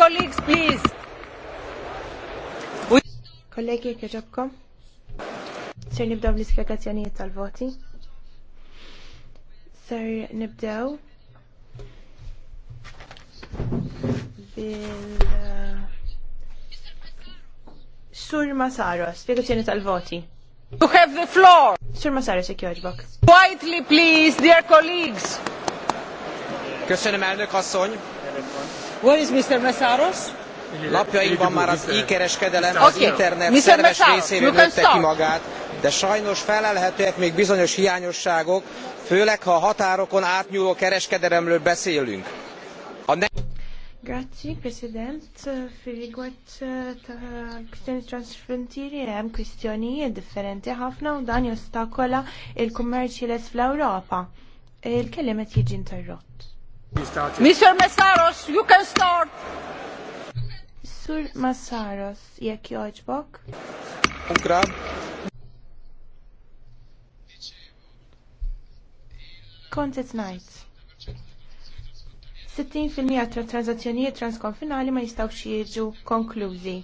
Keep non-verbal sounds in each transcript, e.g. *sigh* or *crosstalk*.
colleagues, please. Kollegi, kħeġobkom. Ser nibdaw l-ispiegazzjonijiet tal-voti. Ser nibdaw bil Sur Masaro, spiegazzjoni tal-voti. You have the floor. Sur Masaro, se kjoġbok. Quietly, please, dear colleagues. Köszönöm, elnök asszony. Where is Mr. Messaros? Napjainkban már az e-kereskedelem okay. az internet szerves részéről nőtte ki magát, de sajnos felelhetőek még bizonyos hiányosságok, főleg ha a határokon átnyúló kereskedelemről beszélünk. A ne Grazie, President. Fil-rigward eh, ta' kwistjoni transfrontieri hemm kwistjonijiet differenti ħafna u dan jostakola il-kummerċi les fl-Ewropa. Il-kellimet jiġi interrott. Mr. Messaros, you can start. Sur Messaros, jekk joġbok. Grab. Kontet najt. 60% tra transazzjonijiet transkonfinali ma jistaw xieġu konklużi.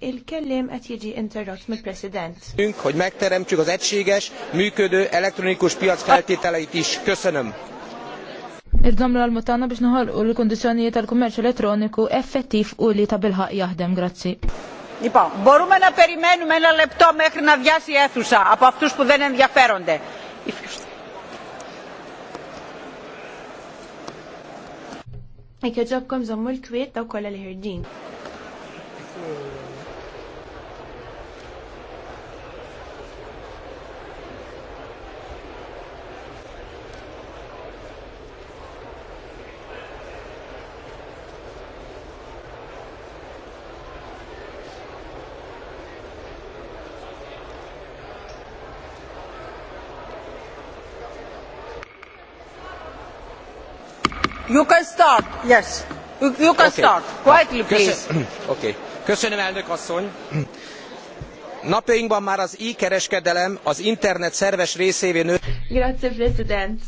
Il-kellim għet jieġi interrott mill-President. Hogy megteremtsük az egységes, működő elektronikus piac feltételeit is. Köszönöm. Id-domlu għal-mutana biex nħol u l-kondizjonijiet tal-kummerċ elettroniku effettiv u li ta' bilħaq jahdem, grazzi. Ipa, μπορούμε mena perimenu mena lepto μέχρι να βιάσει η αίθουσα από αυτούς που δεν ενδιαφέρονται. zommu l-kwiet daw kolla l ħirġin. You can start, yes. You, can okay. start. Quietly, please. *clears throat* okay. Köszönöm, elnök asszony. Napjainkban már az e-kereskedelem az internet szerves részévé nő. Grazie, President.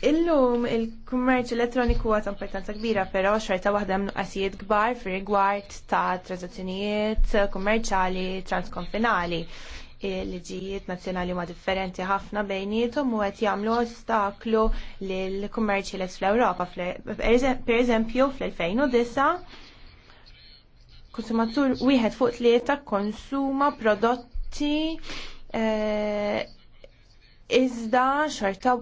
Illum il-kummerċ elettroniku għat importanza kbira, pero xorta waħda mnuqqasijiet gbar fir rigward ta' transazzjonijiet kummerċali transkonfinali il-liġijiet nazzjonali ma differenti ħafna bejnietom u qed jagħmlu ostaklu l kummerċi l fl-Ewropa. Per eżempju fl-2009 konsumatur wieħed fuq tlieta konsuma prodotti eh, iżda xorta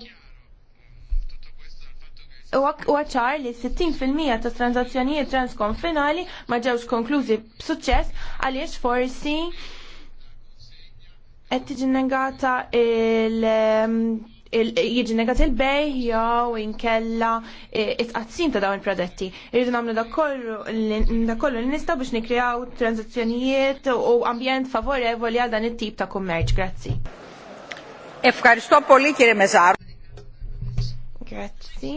u għacċar li 60% ta' tranzazzjonijiet transkonfinali ma ġewx konklużi b'suċċess għaliex forsi qed tiġi negata um, il- jiġi negat il-bej jew inkella e, it-qazzin ta' dawn il-prodetti. Irridu nagħmlu da kollu nista biex nikreaw tranzazzjonijiet u ambjent favorevoli għal dan it-tip ta' kummerċ. Grazzi. Efkaristo poli kiri mezzar. Grazzi.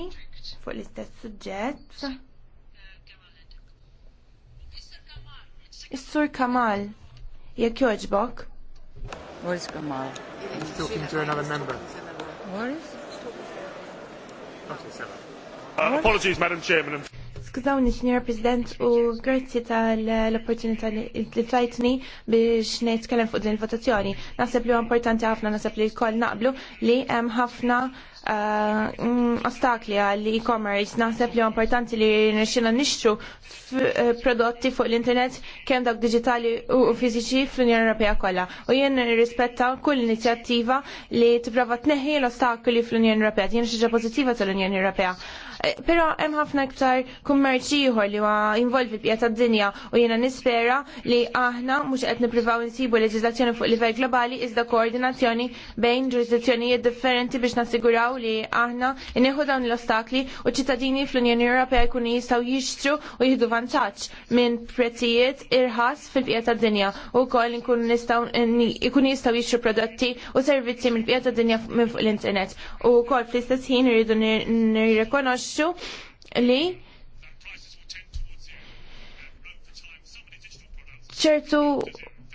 Fuq l-istess suġġett. Is-sur Kamal, jekk joġbok. Where Kamal? He's talking to another member. Where Uh, apologies, Madam Chairman. Skużawni, Signor President, u grazzi tal-opportunità li tajtni biex nitkellem fuq din il-votazzjoni. Naħseb li huwa importanti għafna, naħseb li kol naqblu li hemm ħafna Eh, mm, ostakli għall e-commerce naħseb li importanti li nirxina nixtru eh, prodotti fuq l-internet kemm dak digitali u fiżiċi fl-Unjoni Ewropea kollha. U jien nirrispetta kull inizjattiva li tipprova tneħħi l-ostakli fl-Unjoni Ewropea, jien xi ġa pożittiva tal-Unjoni Ewropea. Eh, Però hemm ħafna iktar kummerċi ieħor li huwa involvi l tad-dinja u jiena nispera li aħna mhux qed nippruvaw insibu leġiżlazzjoni fuq livell globali iżda koordinazzjoni bejn ġurisdizzjonijiet differenti biex nassiguraw li aħna inieħu dawn l-ostakli u ċittadini fl-Unjoni Ewropea jkunu jistgħu jixtru u jieħdu vantaġġ minn prezzijiet irħas fil-bqija tad-dinja u wkoll inkunu nistgħu jkunu jistgħu jixtru prodotti u servizzi mill-bqija tad-dinja minn fuq l-internet. U wkoll fl-istess ħin irridu nirrikonoxxu nistabilixxu li ċertu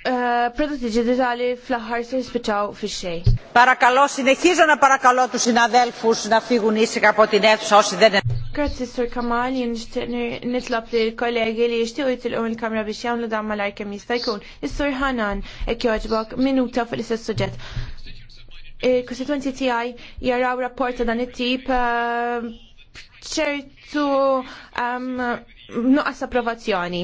eh, prodotti digitali fl-aħħar se jispiċċaw fix-xejn. Παρακαλώ, συνεχίζω να παρακαλώ τους συναδέλφους να φύγουν ήσυχα από την αίθουσα όσοι δεν Grazzi Sur Kamal, jien nitlab li l-kollegi li jishtiqu jitilqu il-kamra biex jagħmlu damma mal kemm jista' Sir Is-Sur Hanan hekk joġbok minuta fuq l-istess suġġett. Il-kostituenti TI jaraw rapport ta' dan it-tip eh, ċertu um, nuqqas approvazzjoni.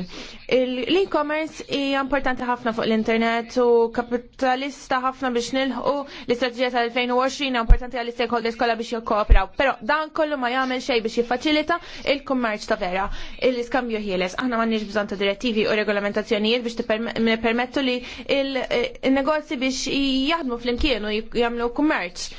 L-e-commerce hija importanti ħafna fuq l-internet u kapitalista ħafna biex nilħu l istrategija tal-2020 importanti għall stakeholders kollha biex jokkopraw. Però dan kollu ma jagħmel xejn biex jiffaċilita il-kummerċ ta' vera, il-iskambju ħieles. Aħna m'għandniex bżonn ta' direttivi u regolamentazzjonijiet biex permettu li il-negozji biex jaħdmu fl-imkien u jagħmlu kummerċ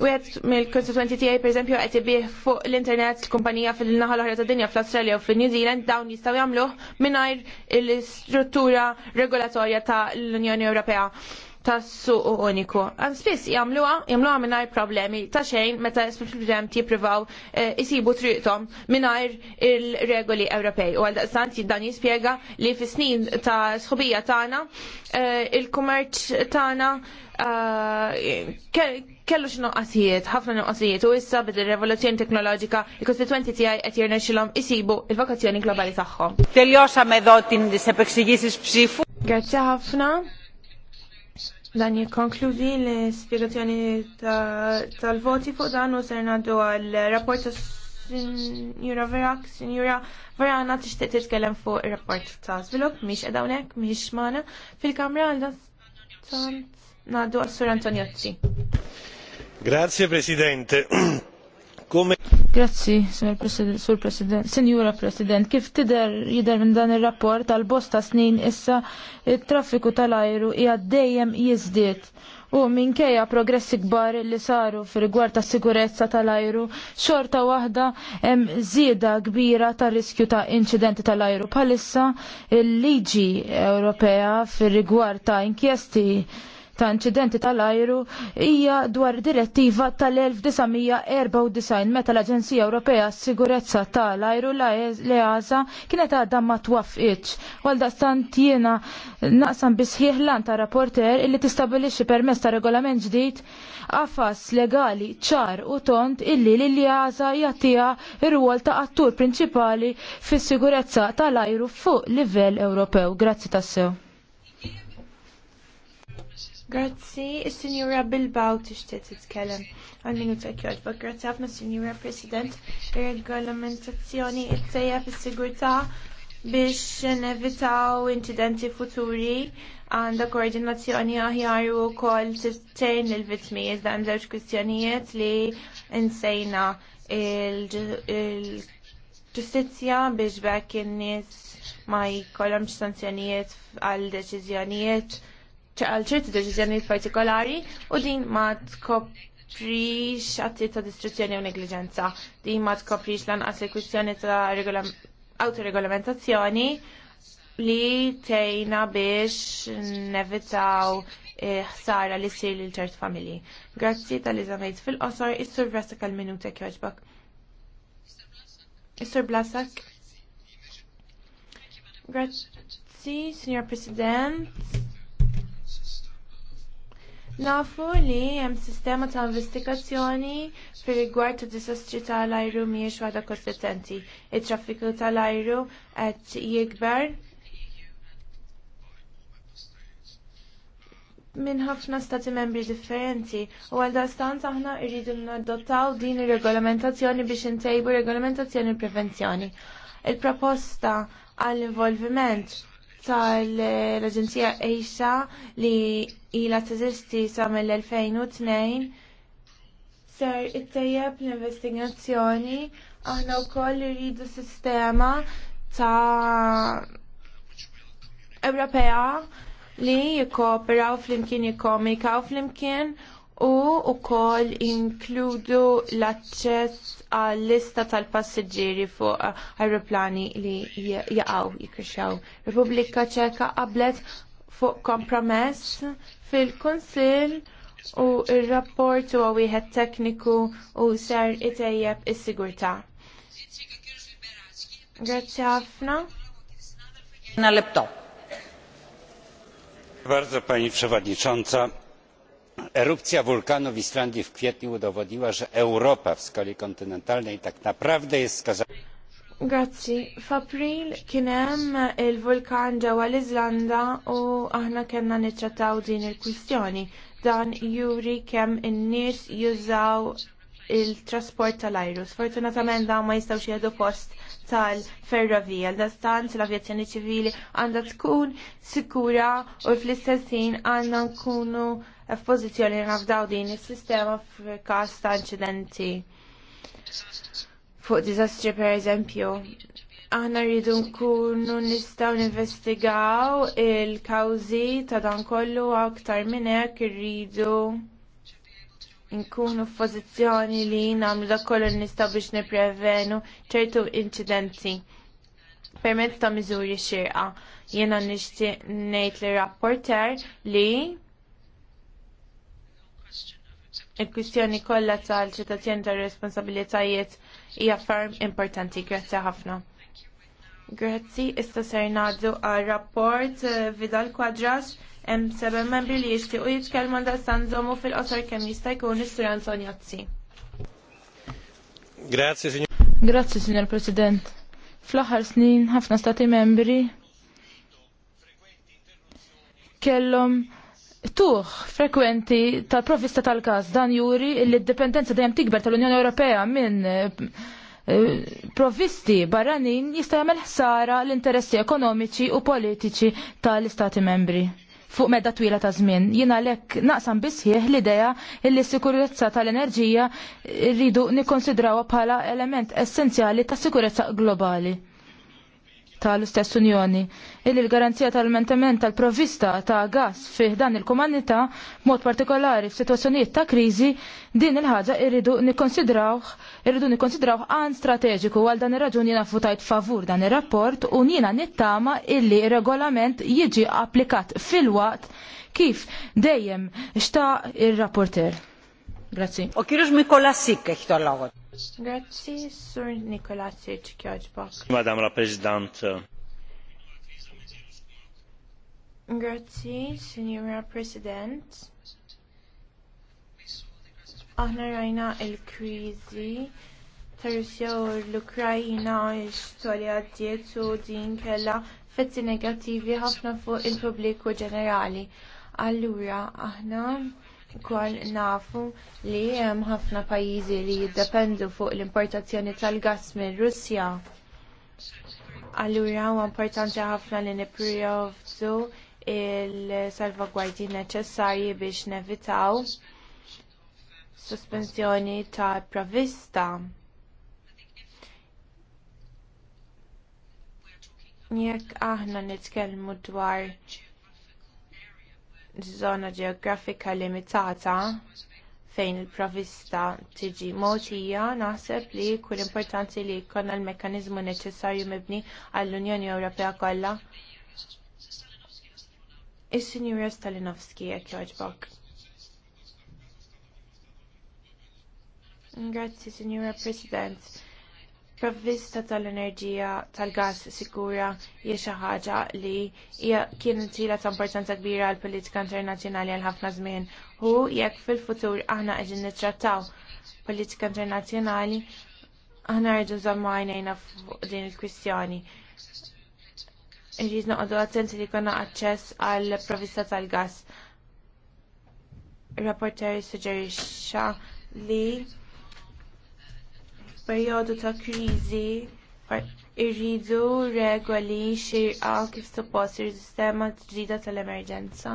U għed mill-konstituenti tijaj, per eżempju, għed jibih fuq l-internet kumpanija fil-naħa l ta' dinja fl-Australia u fil-New Zealand, dawn jistaw jamluħ minnajr l-istruttura regolatorja ta' l-Unjoni Ewropea. Ta' suq uniku. Għan spiss jagħmluha jamluwa mingħajr problemi ta' xejn meta speċjalment jippruvaw eh, isibu triqthom mingħajr il-regoli Ewropej. U għaldaqstant dan jispjega li fis-snin ta' sħubija tagħna eh, il-kummerċ tana eh, kellu x'noqqasijiet, ħafna noqqasijiet u issa bid revoluzzjoni teknoloġika il-kostituenti tiegħi qed jirnexxilhom jisibu il-vokazzjoni globali tagħhom. Teljosha me dotin disepexigis psifu. Grazzi ħafna. Dan jikkonkludi l-ispjegazzjoni tal-voti fuq dan u ser ngħaddu għal rapport ta' Sinjura Verak, Sinjura Verana t-ixtiq t-tkellem fuq il rapport ta' żvilupp miex edawnek, miex mana, fil-kamra għal dan ngħaddu għas-Sur Antonjotti. Grazie Presidente. *clears throat* Come Grazzi, Sur President, signora President, kif tider jider minn dan il-rapport għal bosta snin issa il-traffiku tal-ajru hija dejjem jizdiet. U minkejja progressi kbar li saru fil gwarta sigurezza tal-ajru, xorta waħda hemm żieda kbira ta' riskju ta' incidenti tal-ajru. Palissa il-liġi Ewropea fil-rigward ta' inkjesti ta' inċidenti tal-ajru hija dwar direttiva tal-1994 meta l-Aġenzija Ewropea s-Sigurezza tal-ajru e- l-EASA kienet għadha ma twafqitx. Għalda stant jiena naqsam bisħieħ lan ta' rapporter illi tistabilixxi permess ta' regolament ġdid għafas legali ċar u tont illi l-EASA jagħtiha ir-rwol ta' attur prinċipali fis-sigurezza tal-ajru fuq livell Ewropew. Grazzi tassew. Grazzi, il-Sinjura Bilbao tixtieq kellem. għal minuta kjodba. Grazzi ħafna Signora President, regolamentazzjoni it teja fis sigurta biex nevitaw incidenti futuri għandha koordinazzjoni aħjar u wkoll tittejn il-vitmi iżda hemm żewġ kwistjonijiet li insejna il-ġustizzja biex bekk in-nies ma jkollhomx sanzjonijiet għal deċiżjonijiet għal ċertu deċiżjonijiet partikolari u din ma tkoprix għatti ta' distruzzjoni u negliġenza. Din ma tkoprix lanqas il-kwistjoni ta' autoregolamentazzjoni li tejna biex nevitaw ħsara li sir li ċert familji. Grazzi tal-li zamejt fil-qosor, is-sur Vlasak għal-minuta kjoġbak. Is-sur Blasak. Grazzi, Signor President. Nafu li hemm sistema ta' investigazzjoni fir rigward ta' disastri tal-ajru mhijiex waħda konsistenti. Il-traffiku tal-ajru għed jikber minn ħafna stati membri differenti u għal ħna aħna n nadottaw din ir-regolamentazzjoni biex intejbu regolamentazzjoni u prevenzjoni. Il-proposta għall-involviment tal-Aġenzija EISA li ila teżisti sa mill-2002 ser ittejjeb l-investigazzjoni aħna wkoll irridu sistema ta' Ewropea li jikkooperaw flimkien jikkomikaw flimkien u wkoll inkludu l-aċċess għal lista tal-passiġġieri fuq aeroplani li jaqgħu jikrixxaw. Repubblika Ċeka qablet fuq kompromess fil-Kunsill u r rapport huwa wieħed tekniku u ser itejjeb is-sigurtà. Grazie ħafna. Na laptop. Bardzo Pani Przewodnicząca, erupcja wulkanu w islandii w kwietniu udowodniła że europa w skali kontynentalnej tak naprawdę jest skazana Grazzi. F'April kien hemm il-vulkan ġewwa l-Iżlanda u aħna kellna nittrattaw din il-kwistjoni. Dan juri kemm in-nies jużaw il-trasport tal-ajru. Sfortunatament dawn ma jistgħux jgħidu post tal-ferrovija. L-dastant l-avjazzjoni ċivili għandha tkun sikura u fl-istess ħin għandna nkunu f'pożizzjoni nafdaw din is-sistema f'każ ta' inċidenti fuq diżastri pereżempju aħna rridu nkunu nistgħu ninvestigaw il-kawżi ta' dan kollu aktar minn hekk nkunu nkunu f'pożizzjoni li nagħmlu da' kollu nistaw nistgħu biex nipprevenu ċertu inċidenti permezz ta' miżuri xirqa. Jiena nixtieq ngħid li rapporter li il-kwistjoni kollha tal ċitazzjoni tal responsabilitajiet hija ferm importanti. Grazzi ħafna. Grazzi, issa ser ngħaddu għal rapport eh, Vidal Quadras hemm seben membri li jixtiequ jitkellmu da sanżomu fil-qosor kemm jista' jkun is-Sur Antonjazzi. Grazzi, signor. Grazzi, signor President. Fl-aħħar snin ħafna stati membri kellhom tuħ frekwenti tal-provista tal-kas dan juri li d-dependenza dejjem tikber tal-Unjoni Ewropea minn eh, eh, provvisti barranin jista' jagħmel ħsara l-interessi ekonomiċi u politiċi tal-Istati membri fuq medda twila ta' żmien. Jiena għalhekk naqsam bisħieħ l-idea li s-sikurezza tal-enerġija rridu nikkonsidrawha bħala element essenzjali tas sikurezza globali tal-istess Unjoni. Illi l-garanzija tal-mentament tal-provista ta' gas fih dan il-komunità, mod partikolari f'sitwazzjonijiet ta' kriżi, din il-ħaġa irridu nikkonsidrawh, irridu nikkonsidrawh għan strateġiku għal dan ir-raġuni jiena futajt favur dan ir-rapport u jiena nittama illi regolament jiġi applikat fil-waqt kif dejjem xta' ir-rapporter. Grazzi. Sur Nikolasik kjoġbok. Madam la Grazzi, Signora President. Aħna rajna il-krizi ta' Russja u l-Ukrajina x-tolja din kella fetti negativi ħafna fuq il-pubbliku ġenerali. Allura, aħna Kol nafu li hemm ħafna pajjiżi li jiddependu fuq l-importazzjoni tal-gass minn Russja. Allura huwa importanti ħafna li nipprovdu il-salvagwardji neċessarji biex nevitaw sospensjoni ta' provista. Jekk aħna nitkellmu dwar żona ġeografika limitata fejn il-provista tiġi mogħtija, naħseb li kull importanti li jkollna l-mekkaniżmu neċessarju mibni għall-Unjoni Ewropea kollha. Is-Sinjura Stalinowski jekk jogħġbok. Grazzi, Sinjura President provvista tal-enerġija tal-gas sikura hija xi ħaġa li hija kienet ilha ta' importanza kbira għall politika internazzjonali għal ħafna żmien u jekk fil-futur aħna qegħdin nittrattaw politika internazzjonali aħna rridu żamma għajnejna fuq din il-kwistjoni. Irrid noqogħdu attenti li konna aċċess għall provvista tal-gas. Rapporter suġġerixxa li perjodu ta' kriżi irridu regoli xirqa kif suppost sistema ġdida tal-emerġenza.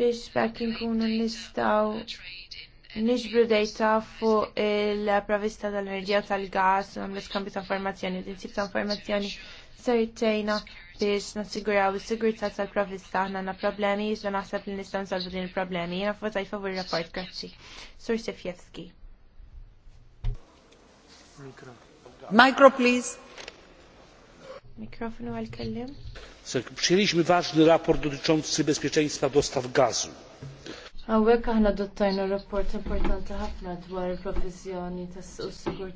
Biex bekk inkunu nistgħu niġbru dejta fuq il-provista tal-enerġija tal-gas u nagħmlu skambju ta' informazzjoni, din tip ta' informazzjoni sertejna biex nassiguraw is-sigurtà tal-provista aħna għandna problemi, iżda naħseb li nistgħu nsolvu din il-problemi. Jiena fotajt favur rapport, grazzi. Sur Sefjevski. Micro, Przyjęliśmy ważny raport dotyczący bezpieczeństwa dostaw gazu. aħna rapport importanti ħafna dwar il tas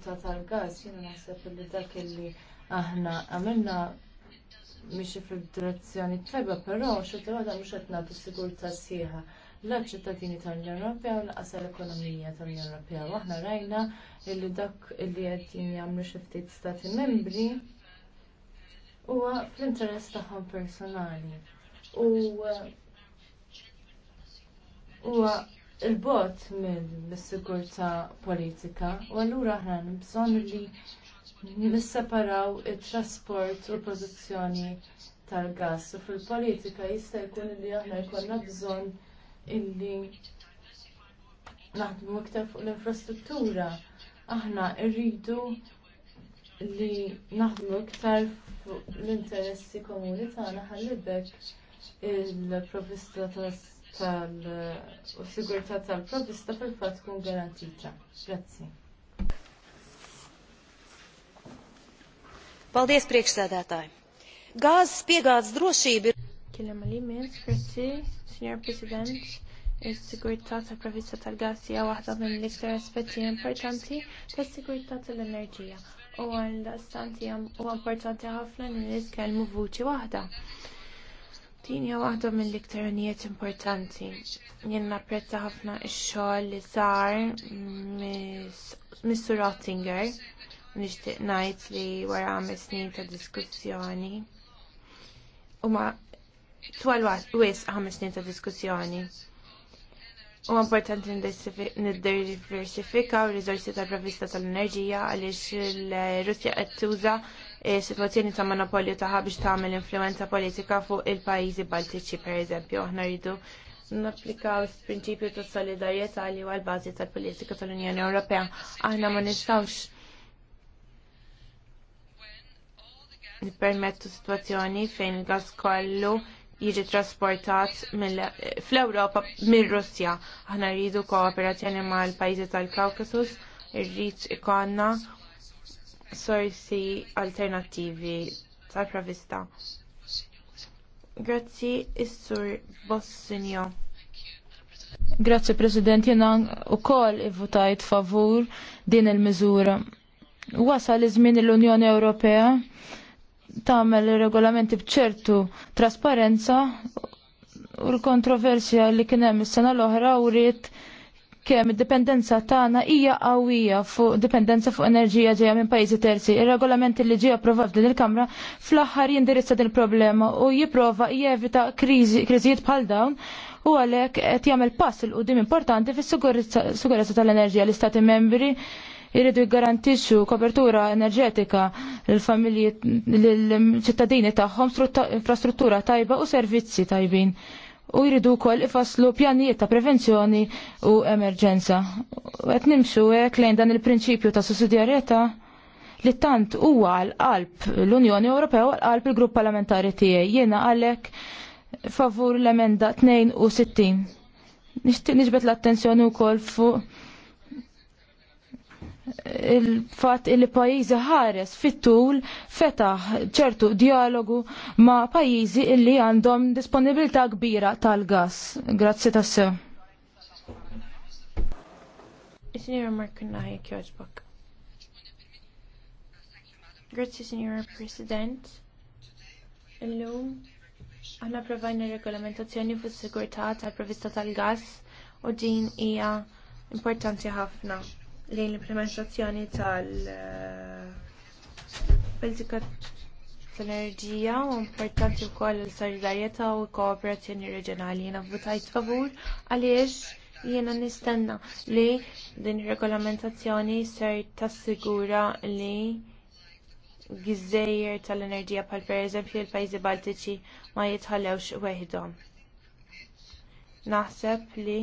tal naħseb li dak li aħna għamilna miex fil-direzzjoni tajba, pero xorta għada mux għetna sigurtà sieħa l-ċittadini tal-Unjoni Ewropea u laqas l-ekonomija tal-Unjoni Ewropea. Waħna rajna illi dak illi qed jagħmlu xi ftit stati membri huwa fl-interess tagħhom personali. U huwa il-bot mis-sigurtà politika u allura aħna bżonn li nisseparaw it-trasport u l-produzzjoni tal-gass u fil-politika jista' jkun li aħna jkollna bżonn illi naħdmu iktar fuq l-infrastruttura. Aħna rridu li naħdmu iktar fuq l-interessi komuni tagħna ħallibek il-provista tal-sigurtà tal-provista fil-fatt tkun garantita. Grazzi. Paldies priekšsēdētāji. Gāzes piegādes drošība ir. Kilim Alimies, Grazzi. Signor President, is-sigurtà tal-provvista tal gassija hija waħda mill-iktar aspetti importanti tas-sigurtà tal-enerġija u għaldaqstant huwa importanti ħafna li nitkellmu vuċi waħda. Din hija waħda mill-iktar unijiet importanti. Jien napprezza ħafna x-xogħol li sar Mr. Rottinger nixtieq ngħid li wara ħames snin ta' diskussjoni u ma' twal wis ħames snin ta' diskussjoni. U importanti niddiversifikaw u riżorsi tal-provista tal-enerġija għaliex il-Russja qed tuża eh, situazzjoni ta' monopolju ta' biex tagħmel influenza politika fuq il-pajjiżi Baltiċi pereżempju. Aħna rridu n-applikaw s prinċipju ta' solidarjetà li huwa l-bażi tal-politika tal-Unjoni Ewropea. Aħna ma nistgħux nippermettu situazzjoni fejn il-gas kollu jiġi trasportat fl-Ewropa minn Russja. Aħna rridu kooperazzjoni mal-pajjiżi tal-Kaukasus, Rrid ikonna sorsi alternattivi tal-provista. Grazzi, Is-Sur Bossinjo. Grazzi, President, jena u koll ivvutajt favur din il-mizura. Wasal iż-żmien l-Unjoni Ewropea tagħmel ir-regolamenti bċertu trasparenza u l-kontroversja li kien hemm is-sena l-oħra uriet kemm id-dipendenza tagħna hija qawwija fuq dipendenza fuq enerġija ġejja minn pajjiżi terzi. Ir-regolament li ġie approvat f'din il-Kamra fl-aħħar jindirizza din il-problema u jipprova jevita kriżijiet bħal dawn u għalhekk qed jagħmel pass il qudiem importanti fis-sigurezza tal-enerġija l-Istati membri jiridu jgarantixxu kopertura enerġetika lill-familji lill-ċittadini tagħhom infrastruttura tajba u servizzi tajbin u jridu kol ifaslu pjanijiet ta' prevenzjoni u emerġenza. U Għet nimxu għek lejn dan il-prinċipju ta' sussidjarieta li tant huwa għal-qalb l-Unjoni Ewropea u għal-qalb il-grupp parlamentari tiegħi jiena għalek favur l-emenda 62. niġbed l-attenzjoni u kol fuq il-fat il pajjiżi ħares fit-tul fetaħ ċertu dialogu ma' pajjiżi illi għandhom disponibilità kbira tal-gas. Grazzi ta' Signora Markunna jek joġbok. Grazzi, Signora President. Illum, ana provajna regolamentazzjoni s sigurtà tal-provista tal-gas u din hija importanti ħafna l-implementazzjoni tal-politika eh, tal-enerġija u importanti wkoll il-solidarjetà u l-kooperazzjoni reġjonali. Jiena votajt favur għaliex jiena nistenna li din ir-regolamentazzjoni ser tassigura li gżejjer tal-enerġija bħal pereżempju l-pajjiżi Baltiċi ma jitħallewx weħidhom. Naħseb li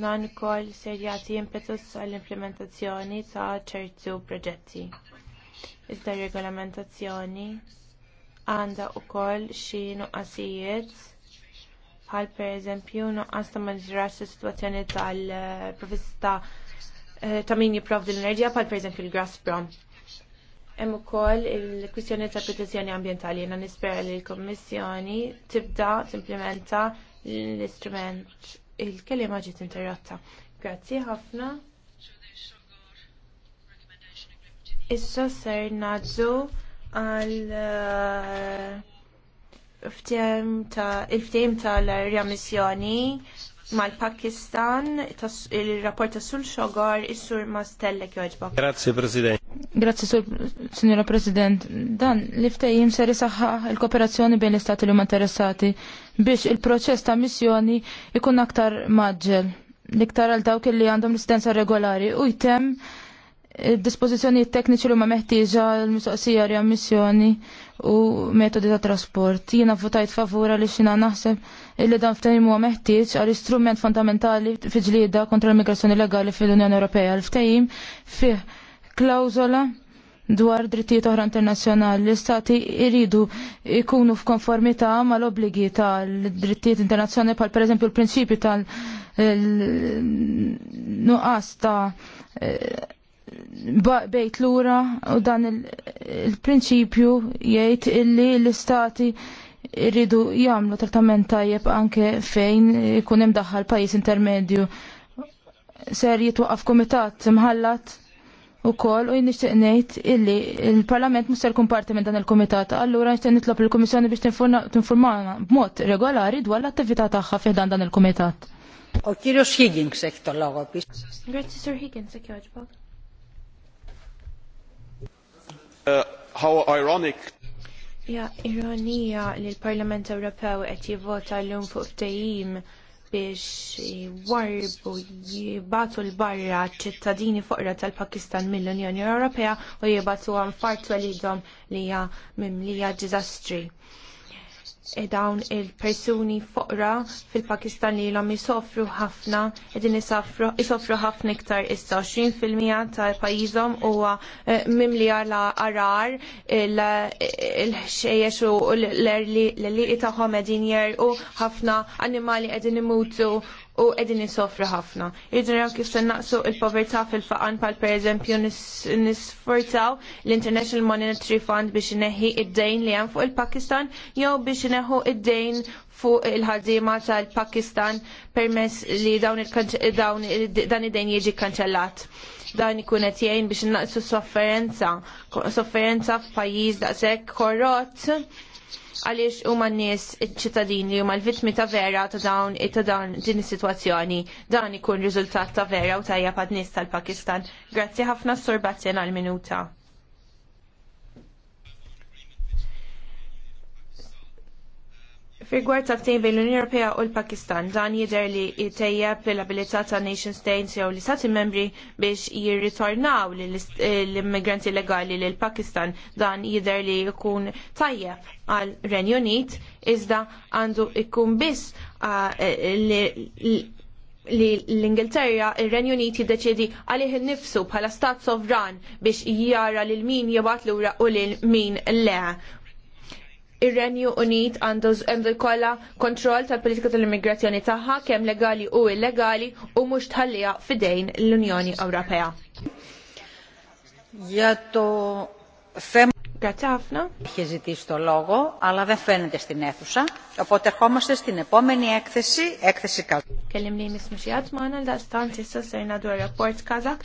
Nan ukoll ser jagħti impetus għall-implementazzjoni ta' ċertu proġetti. Iżda r regolamentazzjoni għandha wkoll xi nuqqasijiet bħal pereżempju nuqqas ta' maġrax is-sitwazzjoni tal profista eh, ta' min jipprovdi l-enerġija bħal pereżempju l-Gazprom. Hemm ukoll il-kwistjoni ta' protezzjoni ambjentali jiena nispera li l-Kummissjoni tibda timplementa l-istrument il-kelima ġiet interrotta. Grazzi ħafna. Issa ser naġġu għal uh, il-ftiem tal-remissjoni mal-Pakistan, il-rapport ta' sul xogor, is-sur Mastellek joġba. Grazie, President. Grazzi, Signora President. Dan l-ftejjim ser il-kooperazzjoni bejn l-istati li interessati biex il-proċess ta' missjoni ikun aktar maġġel. L-iktar għal dawk li għandhom residenza regolari u jtem dispożizzjonijiet tekniċi li huma meħtieġa l-mistoqsija li missjoni u metodi ta' trasport. Jina votajt favura li xina naħseb illi dan ftehim huwa meħtieġ għal istrument fundamentali fi ġlieda kontra l-migrazzjoni legali fil-Unjoni Ewropea. L-ftehim fih klawzola dwar drittijiet oħra internazzjonali. L-istati iridu ikunu f'konformità mal-obligi tal-drittijiet internazzjonali pal per eżempju l-prinċipju tal-nuqqas ta' bejt lura u dan il-prinċipju jgħid illi l-istati jridu jagħmlu trattament tajjeb anke fejn ikun hemm daħħal pajjiż intermedju ser jitwaqaf kumitat mħallat u kol u nishtiq ngħid illi il-Parlament mhux ser parti minn dan il-Kumitat, allura nixtieq nitlob il-Kummissjoni biex tinformana b'mod regolari dwar l-attività tagħha fih dan dan il-Kumitat. U kirju Higgins hekk tologħu biex. Grazzi Sir Higgins hekk jogħġbok. Uh, how ironic Ja, ironija li l-Parlament Ewropew qed jivvota l-lum fuq ftehim biex warbu jibatu l-barra ċittadini foqra tal-Pakistan mill-Unjoni Ewropea u jibatu għan fartu li hija mimlija ġizastri. E' dawn il-persuni foqra fil-Pakistan li l-om jisofru ħafna, edin jisofru ħafna iktar issa 20% ta' pajizom huwa eh, mimli għala arar il-ħxejjex u l-erli l-li taħħom edin jerqu ħafna animali edin imutu u edin jisofru ħafna. Idnaraw kif se naqsu il-povertà fil-faqan pal per eżempju nisfurtaw l-International Monetary Fund biex neħi id-dejn li hemm fuq il-Pakistan jew biex neħu id-dejn fuq il-ħadima tal-Pakistan permess li dawn dan id-dejn jiġi kanċellat. Dan ikun qed jgħin biex innaqsu sofferenza, sofferenza f'pajjiż daqshekk korrott għaliex huma n-nies iċ-ċittadini huma l-vittmi ta' vera ta' dawn ta' dawn din is-sitwazzjoni. Dan ikun riżultat ta' vera u tajja pad nies tal-Pakistan. Grazzi ħafna s-sorbazzjen għal-minuta. Rigward ta' bejn l-Unjoni Ewropea u l-Pakistan, dan jidher li jtejjeb l-abilità ta' nation states jew l-istati membri biex jirritornaw l-immigranti legali l pakistan dan jidher li jkun tajjeb għal Renju Unit iżda għandu jkun biss e, e, li l-Ingilterra ir-Renju Unit jiddeċiedi għalih innifsu bħala stat sovran biex jara lil min jibgħat lura u lil min le ir-Renju Unit għandu jkollha kontroll tal-politika tal-immigrazzjoni tagħha kemm legali u illegali u mhux tħallija fidejn l-Unjoni Ewropea. Jato fem Grazie ħafna. Είχε ζητήσει λόγο, αλλά δεν φαίνεται στην αίθουσα. Οπότε ερχόμαστε στην επόμενη έκθεση, έκθεση Καζάκ. Kellimni mismuxijat maħna l-dastan tista sejna dwar rapport Kazak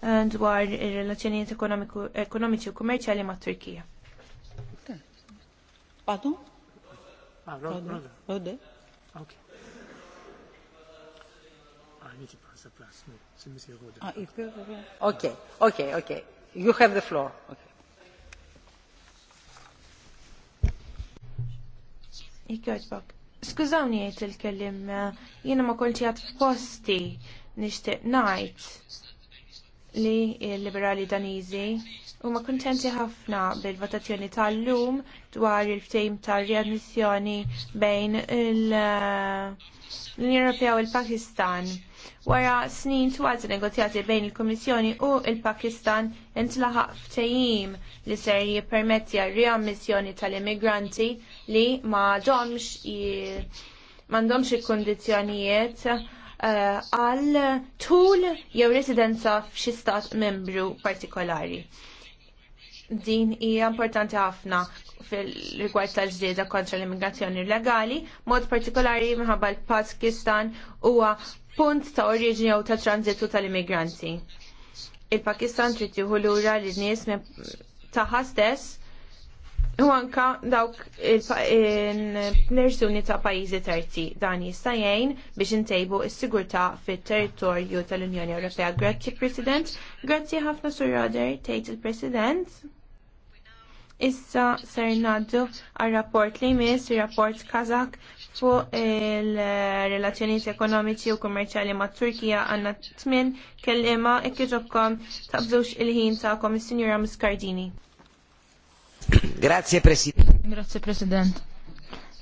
eh, dwar il-relazzjonijiet ekonomiċi u kummerċali ma' Turkija. Pardon? Ah, Rode. Rode. Ah, ah, okay. Okay, okay, You have the floor. Okay. Ikjoġbok. Skużawni jgħid il-kellim, eh, jiena ma kolċi għat f'posti nixtieq ngħid li liberali daniżi Huma kuntenti ħafna bil-votazzjoni tal-lum dwar il-ftejm tal-riadmissjoni bejn l-Unjoni Ewropea u l-Pakistan. Wara snin twal negozjati bejn il-Kummissjoni u l-Pakistan intlaħaq ftehim li ser jippermetti għal riammissjoni tal-immigranti li ma domx mandomx il-kondizjonijiet eh, għal uh, tul jew residenza f'xi stat membru partikolari din hija importanti ħafna fil-rigward tal-ġdieda kontra l-immigrazzjoni illegali, mod partikolari minħabba l-Pakistan huwa punt ta' oriġini u ta' tranzitu tal-immigranti. Il-Pakistan trid jieħu lura li nies taħħa stess u anke dawk il persuni ta' pajjiżi terzi dan jista' jgħin biex intejbu s-sigurtà fit-territorju tal-Unjoni Ewropea. Grazzi President, grazzi ħafna Sur Roder, tgħid il-President. Issa ser naddu għal rapport li jmiss, rapport Kazak fuq il-relazzjonijiet ekonomiċi u kummerċjali mat Turkija għandna tmien kelliema ikkiġobkom tabżux il-ħin ta' is-Sinjura Muscardini. Grazie President. Grazie President.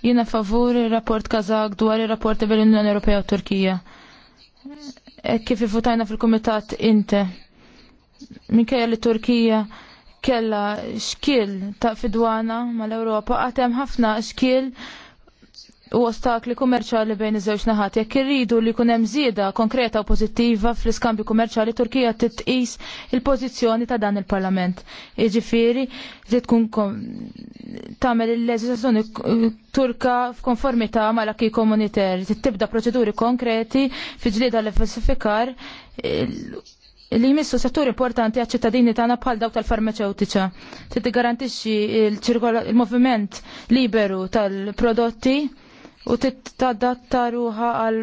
Jiena favur ir-rapport Kazak dwar ir-rapport l unjoni Ewropea u Turkija. E kif ifutajna fil-Kumitat inte. Minkejja li Turkija kella xkil ta' fidwana mal-Ewropa għatem ħafna xkil u ostakli kummerċali bejn iż-żewġ naħat. Jekk irridu li jkun hemm żieda konkreta u pożittiva fl-iskambju kummerċali Turkija titqis il-pożizzjoni ta' dan il-Parlament. Jiġifieri li tkun tagħmel il-leġiżlazzjoni Turka f'konformità mal-akki komunitar, tibda proċeduri konkreti fi ġlieda l-falsifikar li jmissu settur importanti għal ċittadini tagħna bħal dawk tal-farmaceutiċa. Trid garantixxi il-moviment liberu tal-prodotti u titadatta ruha għal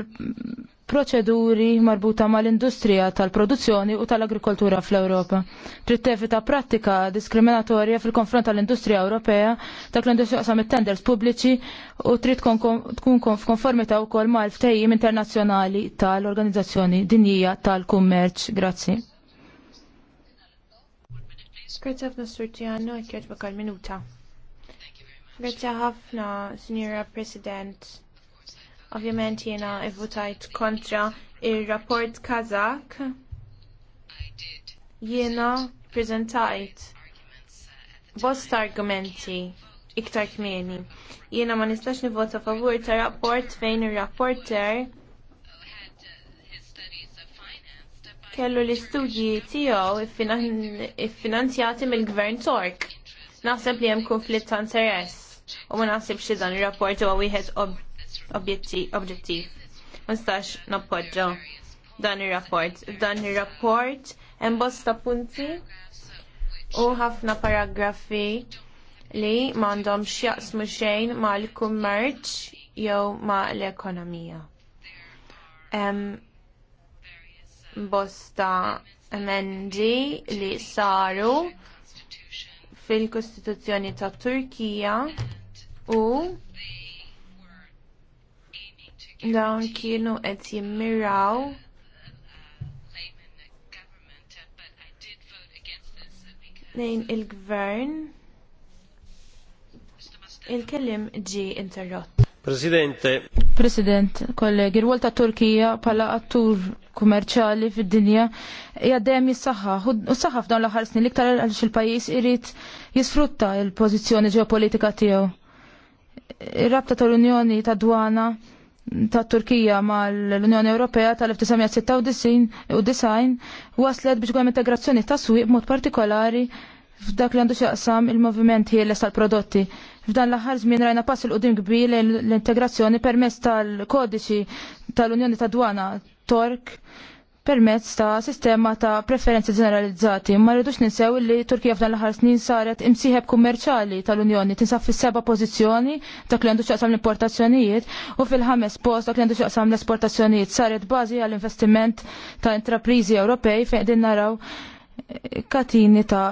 proċeduri marbuta mal-industrija tal-produzzjoni u tal-agrikoltura fl-Ewropa. Trid ta' prattika diskriminatorja fil-konfront tal-industrija Ewropea ta' l-industrija qasam tenders pubbliċi u trid tkun konformita wkoll mal-ftehim internazzjonali tal-Organizzazzjoni Dinjija tal-Kummerċ. Grazzi. Grazie ħafna Surtiano, kieġ bakal minuta. Grazie ħafna, Signora President. Ovvjament jiena votajt kontra ir-rapport Kazak. Jiena prezentajt bost argumenti iktar kmieni. Jiena ma nistax nivvota favur ta' rapport fejn ir-rapporter kellu l-istudji tiegħu finanzjati mill-Gvern Tork. Naħseb li hemm konflitt ta' interess u ma naħsibx xidan dan ir-rapport huwa wieħed ob objettiv. Ma nistax nappoġġa dan ir-rapport. F'dan ir-rapport hemm bosta punti u ħafna paragrafi li m'għandhomx jaqsmu xejn mal-kummerċ jew mal-ekonomija. Hemm bosta emendi li saru fil-Kostituzzjoni ta' Turkija u Dawn kienu qed jimmiraw nejn il-gvern il-kellim ġi interrott. Presidente. President, kollegi, il-wol ta' Turkija pala attur kummerċali fid-dinja jaddem jissaħħa. U saħħa f'dawn l-aħħar snin liktar għal il-pajis irrit jisfrutta il-pozizjoni ġeopolitika tiegħu. Ir-rabta tal-Unjoni ta' dwana ta' Turkija mal-Unjoni Ewropea tal-1996 u waslet biex għam integrazzjoni ta' swieq mod partikolari f'dak li għandu xaqsam il-moviment ħieles tal-prodotti. F'dan l-aħħar żmien rajna pass il qudiem kbir l-integrazzjoni permezz tal-kodiċi tal-Unjoni ta' Dwana Tork permezz ta' sistema ta' preferenzi ġeneralizzati. Ma rridux ninsew li Turkija f'dan l ħar snin saret imsieħeb kummerċali tal-Unjoni tinsab fis seba pożizzjoni dak li għandu xaqsam l-importazzjonijiet u fil-ħames post dak li għandu xaqsam l-esportazzjonijiet saret bażi għall-investiment ta' intraprizi Ewropej fejn din naraw katini ta'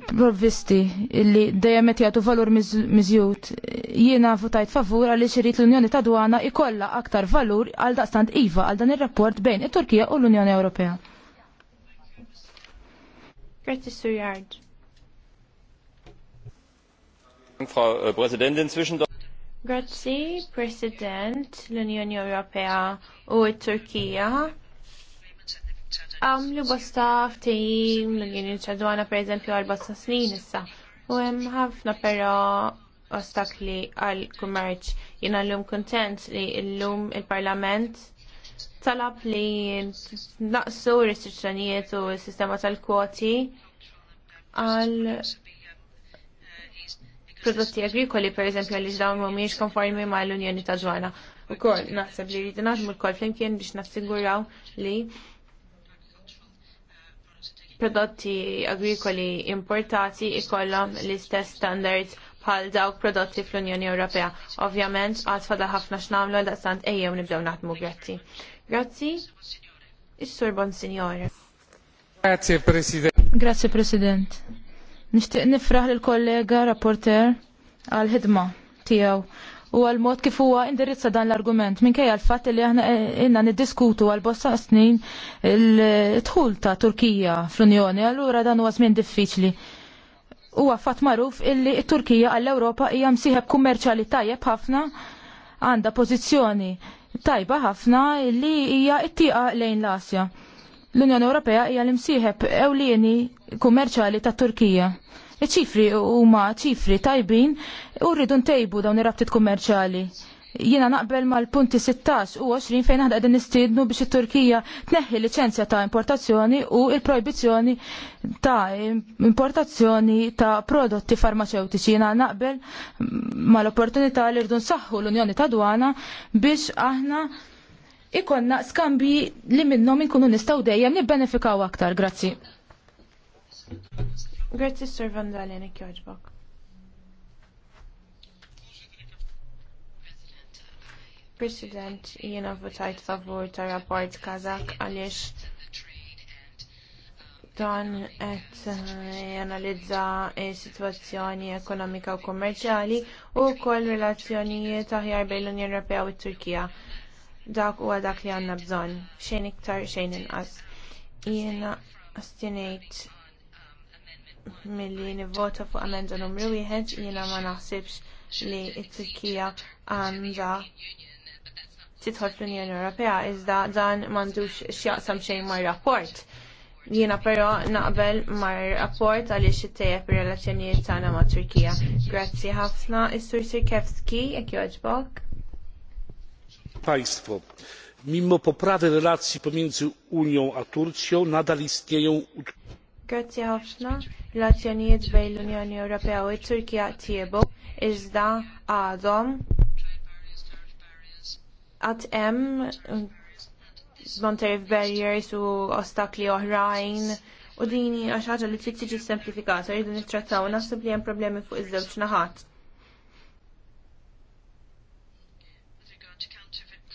provvisti illi dejjem qed jagħtu valur miżjud. Jiena votajt favur għaliex irid l-Unjoni ta' Dwana ikollha aktar valur għal daqstant iva għal dan ir-rapport bejn it-Turkija u l-Unjoni Ewropea. Grazie, Sir Frau äh, Präsidentin, Grazzi, President, l-Unjoni Ewropea u t-Turkija li bosta ftim l-għin il-ċadwana per eżempju għal bosta snin issa. U hemm ħafna però ostakli għal kummerċ. Jina l-lum kontent li l-lum il-parlament talab li naqsu restrizzjonijiet u s-sistema tal-kwoti għal prodotti agrikoli, per eżempju, li dawn mhumiex konformi mal unjoni ta' ġwana. U kol, naħseb li rridu naħdmu l-kol flimkien biex nassiguraw li prodotti agrikoli importati ikollhom l-istess standards bħal dawk prodotti fl-Unjoni Ewropea. Ovvjament, għad fada ħafna x'namlu da daqstant ejjew nibdew naħdmu grazzi. Grazzi, is-Sur Bonsignore. Grazie President. Grazie President. Nixtieq nifraħ lill kollega rapporter għal ħidma tiegħu u għal-mod kif huwa indirizza dan l-argument minkejja l-fatt li aħna eh, inna niddiskutu għal bosta snin l-dħul ta' Turkija fl-Unjoni, allura dan huwa żmien diffiċli. Huwa fatt magħruf illi t-Turkija għall-Ewropa hija msieħeb kummerċjali tajjeb ħafna għandha pożizzjoni tajba ħafna li hija ittieqa lejn l-Asja. L-Unjoni Ewropea hija l-imsieħeb ewlieni kummerċjali tat Turkija Iċ-ċifri huma ċifri tajbin u rridu ntejbu dawn ir-rabtiet kummerċali. Jiena naqbel mal-punti 16 u 20 fejn aħna qegħdin nistiednu biex it-Turkija tneħħi liċenzja ta' importazzjoni u il-projbizzjoni ta' importazzjoni ta' prodotti farmaceutiċi. Jiena naqbel mal-opportunità li rridu nsaħħu l-Unjoni ta' Dwana biex aħna ikonna skambji li minnhom inkunu nistgħu dejjem nibbenefikaw aktar. Grazzi. Grazzi Sir Vandalen ikjoġbok. President, jiena votajt favur ta' rapport Kazak għaliex dan qed eh, analizza s-sitwazzjoni ekonomika u kommerċjali u wkoll relazzjonijiet aħjar bejn l unjon Ewropea u t-Turkija. Dak huwa dak li għandna bżonn, xejn iktar xejn inqas. Jiena astinejt milli nivvota fuq amenda numru wieħed jiena ma naħsibx li t-Turkija għandha titħol fl-Unjoni Ewropea iżda dan m'għandux x'jaqsam xejn mar-rapport. Jiena però naqbel mar-rapport għaliex ittejjeb ir-relazzjonijiet tagħna ma' Turkija. Grazzi ħafna. Is-Sur Sirkevski jekk jogħġbok. Państwo, mimo poprawy relacji pomiędzy Unią a Turcją nadal istnieją Grazzi ħafna relazzjonijiet bejn l-Unjoni Ewropea u t-Turkija tiebu iżda għadhom għad hemm non-tariff barriers u ostakli oħrajn u dini għax ħaġa li trid tiġi semplifikata rridu nittrattaw naħseb li hemm problemi fuq iż-żewġ naħat.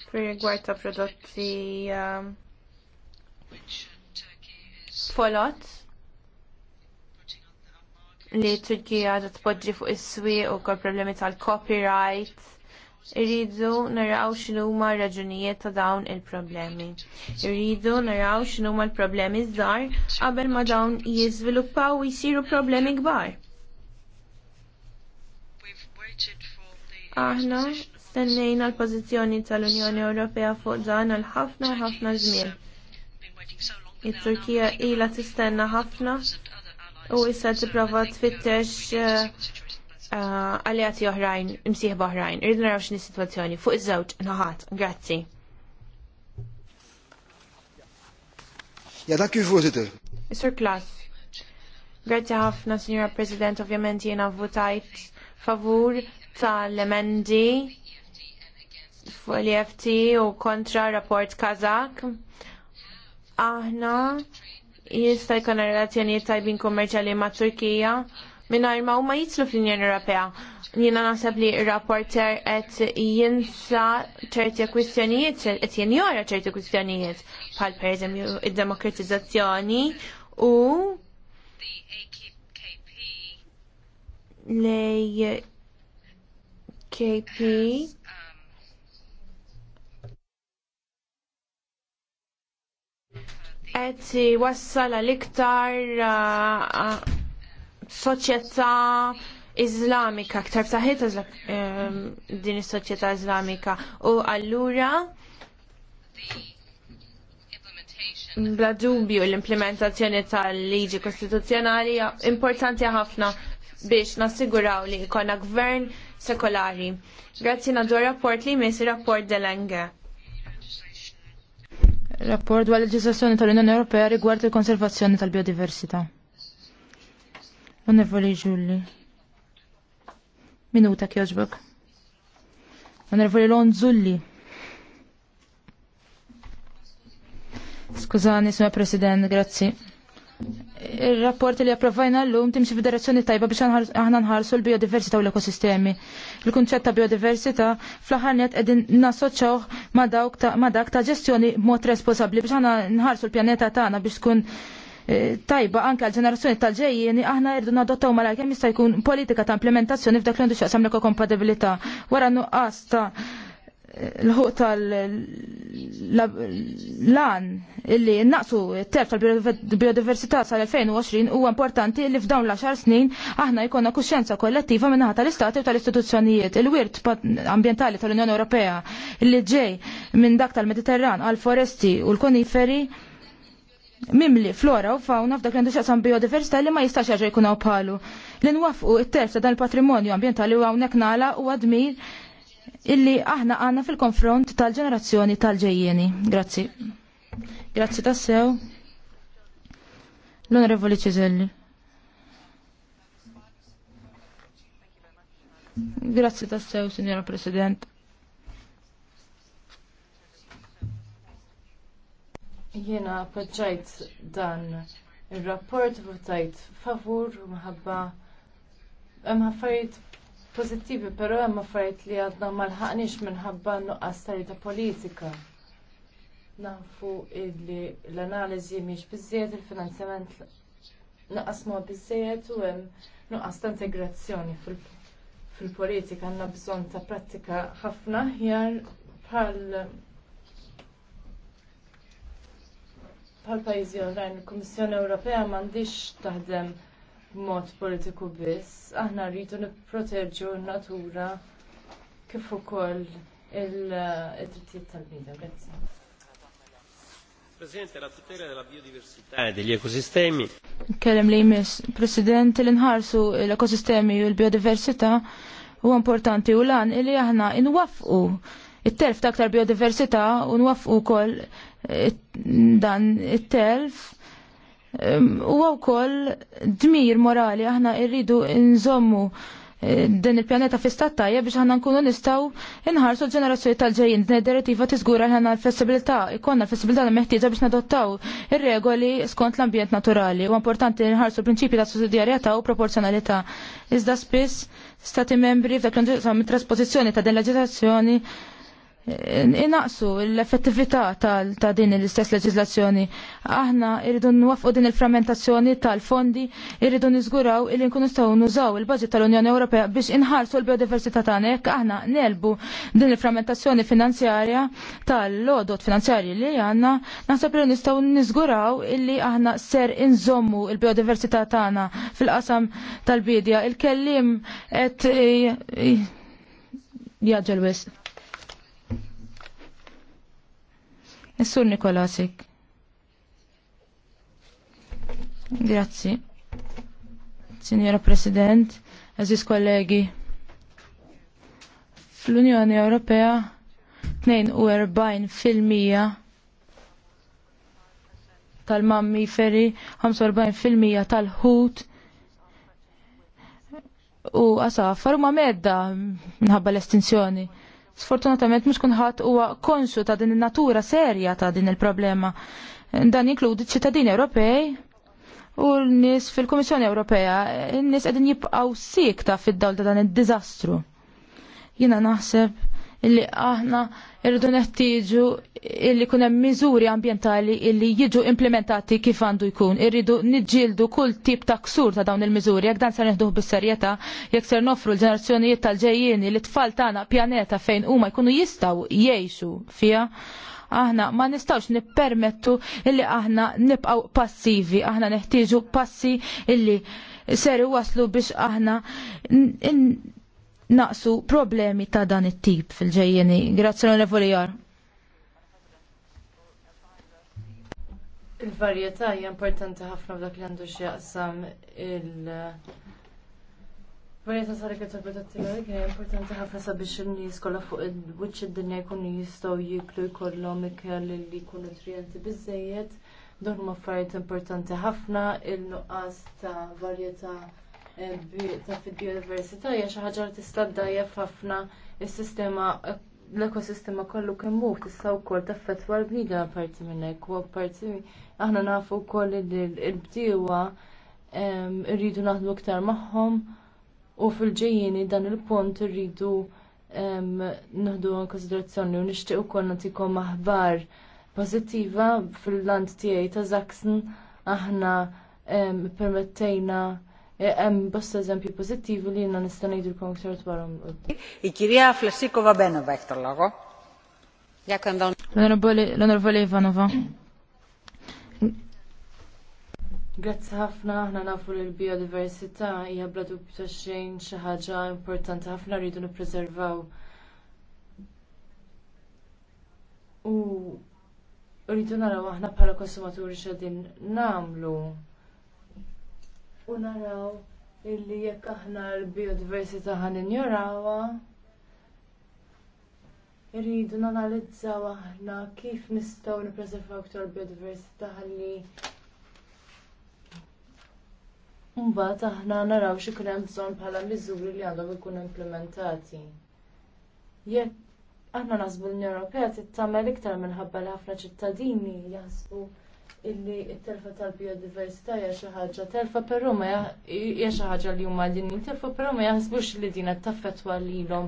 Fir-rigward ta' prodotti um, folot li Turkija da tpoġġi fuq is-swieq u kol problemi tal-copyright. Irridu naraw x'inhuma raġunijiet ta' dawn il-problemi. Irridu naraw x'inhuma l-problemi żgħar qabel ma dawn jiżviluppaw u jsiru problemi kbar. Aħna stennejna l-pożizzjoni tal-Unjoni Ewropea fuq dan għal ħafna ħafna żmien. It-Turkija ilha tistenna ħafna u issa tipprova tfittex għaljati eh, eh, oħrajn, imsieħba oħrajn. Irridu naraw xini situazzjoni fuq iż-żewġ naħat. Grazzi. Ja dak kif votitu. Klas. Grazzi ħafna, Signora President, ovvjament jiena votajt favur tal-emendi fuq l-EFT u kontra rapport Kazak. Aħna jista' jkun relazzjonijiet tajbin kommerċali ma' Turkija mingħajr ma huma jitlu fl-Unjoni Ewropea. Jiena naħseb li r-rapporter qed jinsa ċerti kwistjonijiet, qed jinjora ċerti kwistjonijiet bħal pereżempju id-demokratizzazzjoni u lej KP qed wassal l-iktar uh, uh, soċjetà Iżlamika, aktar saħħit um, din is-soċjetà Iżlamika. U allura bla dubju l-implementazzjoni tal-liġi kostituzzjonali importanti ħafna biex nassiguraw li jkollna gvern sekolari. Grazzi nadu rapport li jmiss rapport delenge. Rapport dwar leġislazzjoni tal-Unjoni Ewropea rigward il-konservazzjoni tal-biodiversità. Onorevoli Giulli. Minuta kjoġbok. Onorevoli Lon Zulli. Skużani, sma President, grazzi. Il-rapport li approvajna l-lum timxi federazzjoni tajba biex aħna nħarsu l-biodiversità u l-ekosistemi. Il-kunċett ta' biodiversità fl-aħħar qegħdin nasoċawħ ma dawk ta', dak ta ġestjoni mod responsabbli biex aħna nħarsu l-pjaneta tagħna biex tkun eh, tajba anke għal ġenerazzjoni tal-ġejjieni aħna rridu nadottaw mala kemm jista' jkun politika ta' implementazzjoni f'dak l għandu xaqsam l kompatibilità wara nuqqas ta' l-ħuq tal-lan illi naqsu t-terf tal-biodiversità sal-2020 huwa importanti li f'dawn l-10 snin aħna jkollna kuxenza kollettiva minnaħat tal-istati u tal-istituzzjonijiet. Il-wirt ambientali tal-Unjoni Ewropea li ġej minn dak tal-Mediterran għal-foresti u l-koniferi mimli flora u fauna f'dak l xaqsam biodiversità li ma jistax jaġa jkun bħalu. l nwafqu it-terf ta' dan il-patrimonju ambientali u hawnhekk nala u għadmir illi aħna għanna fil-konfront tal-ġenerazzjoni tal-ġejjeni. Grazzi. Grazzi tassew. L-Onorevoli Cizelli. Grazzi tassew, Signora President. Jena appoġġajt dan il-rapport votajt favur u maħabba hemm affarijiet pozittivi, pero hemm affarijiet li għadna ma minħabba nuqqas ta' politika. Nafu illi l-analiżi miex biżżejjed il-finanzjament nuqqas ma biżżejjed u hemm nuqqas ta' integrazzjoni fil-politika għandna bżonn ta' prattika ħafna ħjar bħal bħal pajjiżi oħrajn, il-Kummissjoni Ewropea m'għandix taħdem b'mod politiku biss, aħna rridu nipproteġu n-natura kif ukoll il-drittijiet tal bidu Grazzi. Presidente, la tutela della biodiversità e degli ekosistemi. Kellem li jmiss, President, l-inħarsu l-ekosistemi u l-biodiversità u importanti u lan li aħna inwaffqu it-telf ta' aktar biodiversità u nwaffqu kol eh, dan it-telf u wkoll dmir morali aħna rridu nżommu eh, din il-pjaneta fi stat tajja biex ħanna nkunu nistaw inħarsu l-ġenerazzjoni tal-ġejjin. Din id-direttiva tiżgura ħanna l-flessibilità, ikonna l-flessibilità meħtieġa biex nadottaw ir-regoli skont l-ambjent naturali. U importanti nħarsu l-prinċipji ta' sussidjarjetà u proporzjonalità. Iżda spiss stati membri f'dak l-ġenerazzjoni trasposizzjoni ta' din leġislazzjoni inaqsu l-effettività ta' din l-istess leġislazzjoni. Aħna irridu nwafqu din il-frammentazzjoni tal-fondi, irridu niżguraw il nkunu nistgħu nużaw il-budget tal-Unjoni Ewropea biex inħarsu l-biodiversità tagħna jekk aħna nelbu din il-frammentazzjoni finanzjarja tal-lodot finanzjarji li għandna, naħseb li nistgħu niżguraw illi aħna ser inżommu il-biodiversità tagħna fil-qasam tal-bidja. Il-kellim qed jaġġel wisq. Nessur Nikolasik. Grazzi. Signora President, aziz kollegi. Fl-Unjoni Ewropea 42% tal-mammiferi, 45% tal-ħut u għasafar u ma medda minħabba l-estinzjoni. Sfortunatament mhux ħadd huwa konsu ta' din in-natura serja ta' din il-problema. Dan jinkludi ċittadini Ewropej u n-nies fil-Kummissjoni Ewropea, n-nies qegħdin jibqgħu ta' fid-dawl ta' dan id-diżastru. Jiena naħseb illi aħna irridu neħtieġu illi kun hemm miżuri ambjentali illi jiġu implementati kif għandu jkun. Irridu niġġieldu kull tip ta' ksur ta' dawn il-miżuri jekk dan ser neħduh bis-serjetà, jekk ser nofru l-ġenerazzjonijiet tal-ġejjieni li tfal tagħna pjaneta fejn huma jkunu jistgħu jgħixu fiha. Aħna ma nistawx nippermettu illi aħna nibqgħu passivi, aħna neħtieġu passi illi seri waslu biex aħna naqsu problemi ta' dan it-tip fil-ġejjeni. Grazzi l-Revolijar. Il-varjetà hija importanti ħafna f'dak li għandu x'jaqsam il- Varjetà sar ikel tal-prodotti hija importanti ħafna sabiex in-nies kollha fuq il-wiċċ id-dinja jkunu jistgħu jiklu jkollhom ikel li jkunu trijenti biżejjed. Dawn huma affarijiet importanti ħafna, il-nuqqas ta' varjetà ta' fil-biodiversità hija xi ħaġa li tista' ddajjef ħafna is-sistema l-ekosistema kollu kemm hu tista' wkoll taffettwa l-bnida parti hekk u parti aħna nafu wkoll li l-bdiewa rridu naħdmu iktar magħhom u fil-ġejjieni dan il-punt irridu naħdu għan konsiderazzjoni u nixtieq ukoll nagħtikom aħbar pożittiva fil-land tiegħi ta' Zaxxon aħna permettejna Eh, hemm bosta eżempji pożittivi li jiena nista' ngħidilkom iktar dwarhom. Il-kirja Flasikova Benova iktar logo. L-Onorevoli Ivanova. Grazzi ħafna, aħna nafu li l-biodiversità hija bla dubju ta' xejn xi ħaġa importanti ħafna rridu nippreservaw. U rridu naraw aħna bħala konsumaturi x'għedin nagħmlu u naraw illi jekk aħna l-biodiversità ħan injorawha. Irridu nanalizzaw aħna kif nistgħu nippreservaw aktar biodiversità ħalli Mbagħad aħna naraw xi kien hemm bżonn bħala miżuri li għandhom ikunu implementati. Jekk aħna naħsbu l-Unjoni Ewropea tittamel iktar minħabba li ħafna ċittadini jaħsbu illi t telfa tal-biodiversità hija xi ħaġa telfa però ma hija xi ħaġa li huma din telfa però ma jaħsbux li din qed taffettwa lilhom.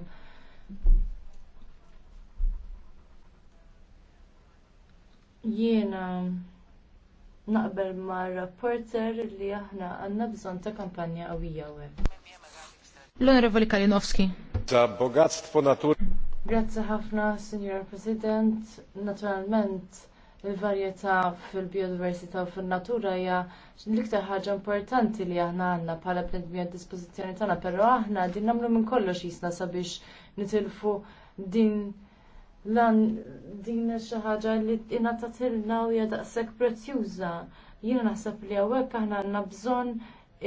Jiena naqbel ma' rapporter li aħna għandna bżonn ta' kampanja qawwija hekk. L-Onorevoli Kalinowski. Za bogactwo natury. Grazie ħafna, Signor President. Naturalment, il-varjetà fil-biodiversità u fin-natura hija l-iktar ħaġa importanti li aħna għandna bħala bnedmi għad dispożizzjoni tagħna, però aħna din nagħmlu minn kollox jisna sabiex nitilfu din lan din xi ħaġa li tagħtilna u hija daqshekk prezzjuża. Jiena naħseb li hawnhekk aħna għandna bżonn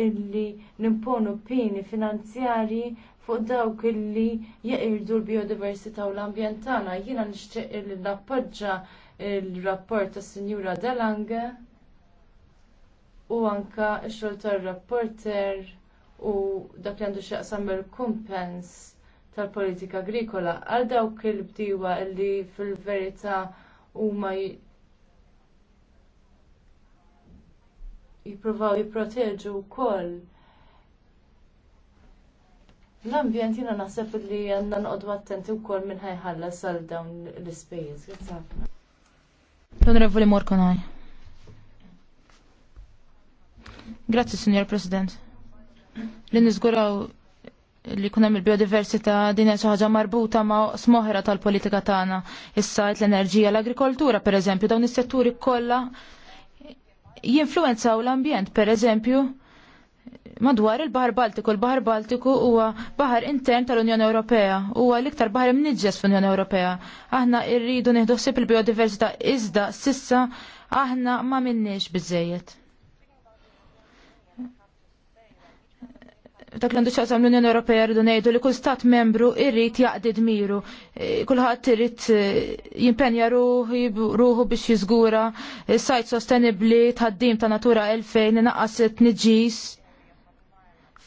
illi nimponu pieni finanzjarji fuq dawk illi jeqirdu l-biodiversità u l-ambjent tagħna. Jiena nixtieq li nappoġġa il-rapport tas Sinjura Delange u anka x-xogħol tar-rapporter u dak li għandu x'jaqsam il-kumpens tal-politika agrikola għal dawk il-bdiewa li fil-verità huma jippruvaw jipproteġu wkoll L-ambjent jina naħseb li għandna nqodu attenti u kol minn ħajħalla sal dawn l-ispejjeż. Grazie L-Onorevoli Morkonaj. Grazzi, Signor President. Li nizguraw li kunem il-biodiversita din xi ħaġa marbuta ma' smoħra tal-politika tagħna, is-sajt, l-enerġija, l-agrikoltura eżempju, dawn is-setturi kollha jinfluenzaw l-ambjent, pereżempju, madwar il-Bahar Baltiku. Il-Bahar Baltiku huwa bahar intern tal-Unjoni Ewropea, huwa l-iktar bahar imniġġes fl-Unjoni Ewropea. Aħna rridu nieħdu ħsieb il-biodiversità iżda sissa aħna ma minniex biżejjed. Dak l-għandu ċaqsam l-Unjoni Ewropea rridu ngħidu li kull stat membru irrid jaqdi dmiru. E, kulħadd irrid e, jimpenja ruħu biex jiżgura e, sajt sostenibbli tħaddim ta' natura elfejn inaqqas it-tniġġis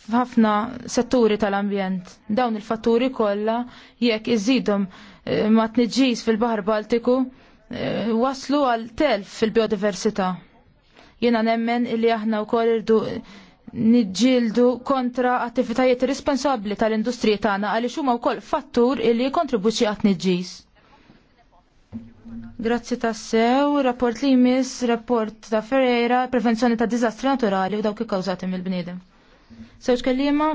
f'ħafna setturi tal-ambjent. Dawn il-fatturi kollha jekk iżidhom eh, ma tniġġis fil-Baħar Baltiku eh, waslu għal telf fil-biodiversità. Jiena nemmen illi aħna wkoll irdu niġġieldu kontra attivitajiet irresponsabbli tal industriji tagħna għaliex huma wkoll fattur illi jikkontribwixxi għat niġġis. Grazzi tassew, rapport li jmiss, rapport ta' Ferreira, prevenzjoni ta' dizastri naturali u dawk ikkawżati mill-bniedem. Sewġ kellima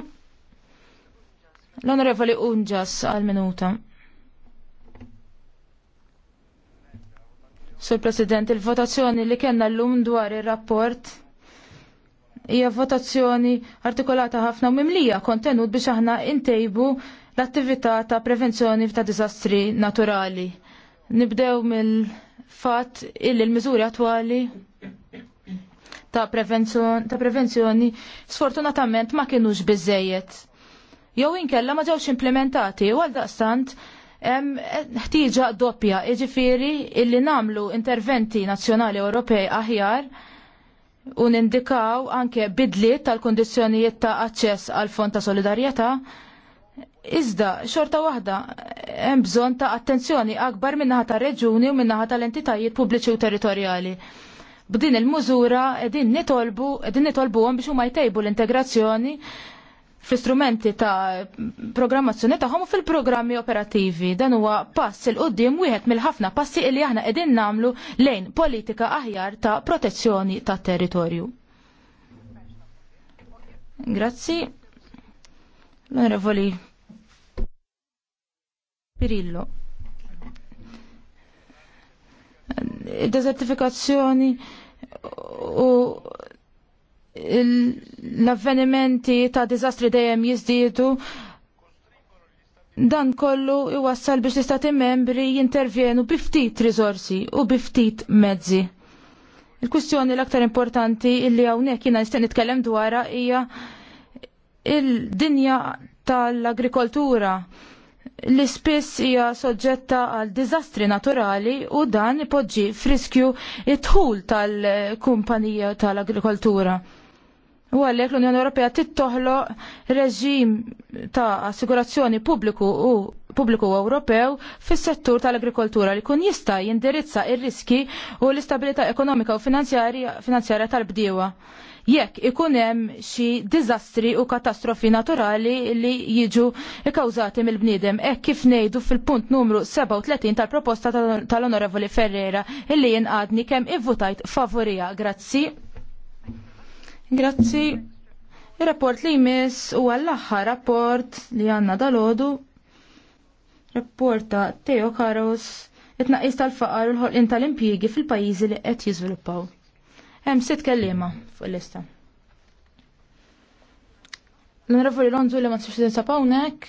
l-Onorevoli Unġas għal-minuta. Sur President, il-votazzjoni li kena l-lum dwar il-rapport hija votazzjoni artikolata ħafna u mimlija kontenut biex aħna intejbu l-attività ta' prevenzjoni ta' diżastri naturali. Nibdew mill-fatt illi l-miżuri attwali ta' ta' prevenzjoni sfortunatament ma kienux biżejjed. Jew inkella ma ġewx implementati u għal daqstant ħtieġa doppja, iġifiri illi namlu interventi nazzjonali Ewropej aħjar u nindikaw anke bidliet tal-kondizjonijiet ta' aċċess għal fond ta' solidarjetà, iżda xorta waħda hemm bżonn ta' attenzjoni akbar minnaħa tar reġuni u minnaħa tal-entitajiet pubbliċi u territorjali. B'din il-mużura qegħdin nitolbu qegħdin nitolbuhom biex huma jtejbu l-integrazzjoni fl-istrumenti ta' programmazzjoni tagħhom u fil-programmi operattivi. Dan huwa pass il qudiem wieħed mill-ħafna passi li aħna qegħdin nagħmlu lejn politika aħjar ta' protezzjoni tat territorju. Grazzi. L-Onorevoli Pirillo. Desertifikazzjoni u l-avvenimenti ta' dizastri dejjem jizdietu dan kollu iwassal biex l-istati membri jintervjenu biftit rizorsi u biftit mezzi. Il-kwistjoni l-aktar importanti illi hawnhekk jiena nista' nitkellem dwarha hija il-dinja tal-agrikoltura li spiss hija soġġetta għal diżastri naturali u dan ipoġġi friskju it-tħul tal-kumpanija tal-agrikoltura. U għalhekk l-Unjoni Ewropea tittoħloq reġim ta' assigurazzjoni pubbliku u pubbliku Ewropew fis-settur tal-agrikoltura li kun jista' jindirizza ir-riski u l-istabilità ekonomika u finanzjarja tal-bdiewa jekk ikun hemm xi diżastri u katastrofi naturali li jiġu kkawżati mill-bniedem. Hekk kif ngħidu fil-punt numru 37 tal-proposta tal-Onorevoli Ferrera illi jinqadni kemm ivvutajt favorija. Grazzi. Grazzi. Il-rapport li jmiss u għall-aħħar rapport li għanna dal-ħodu. Rapporta Teo Karos it tal-faqar u l-ħolqin tal-impjiegi fil-pajjiżi li qed jiżviluppaw. Hemm sitt kellima fuq il-lista. L-onorevoli Lonzu li ma tsux tinsab hawnhekk.